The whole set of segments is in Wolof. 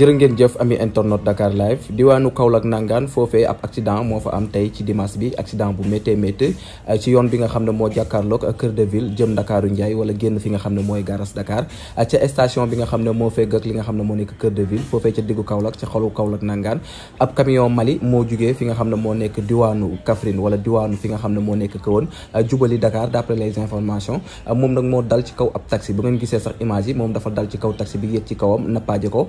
jërë ngeen jëf ami internet Dakar live diwaanu Kaolack nangaan foofee ab accident moo fa am tey ci dimanche bi accident bu méttee méttee euh, ci yoon bi nga xam ne moo jàkkaarloog euh, Kër de Ville jëm Ndakaaru Ndiaye wala génn fi nga xam ne mooy garas Dakar euh, ca station bi nga xam ne moo fegg ak li nga xam ne moo nekk Kër de Ville foofee ca diggu Kaolack ca xolu Kaolack nangaan ab camion Mali moo jugee fi nga xam ne moo nekk diwaanu Kaffrine wala diwaanu fi nga xam ne moo nekk Kahone jubali Dakar d'après les informations moom nag moo dal ci taxi ba ngeen gisee sax image yi moom dafa dal ci kaw taxi bi yéeg ci kawam nappaaje ko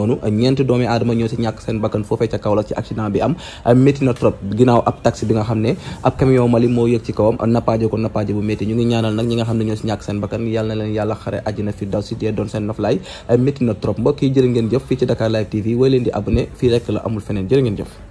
noonu ñeent doomi aadama ñoo si ñàkk seen bakkan foofee ca Kaolack ci accident bi am euh, métti na trop ginnaaw ab taxi bi nga xam ne ab camion Mali moo yëg ci kawam nappaaje ko nappaaje bu métti ñu ngi ñaanal nag ñi nga xam ne ñoo si ñàkk seen bakkan yàlla leen yàlla xare àjjana fi daw si dee doon seen noflaay euh, métti na trop mbokk yi ngeen jëf fii ci Dakar Live TV way leen di abonné fii rek la amul feneen jërë ngeen jëf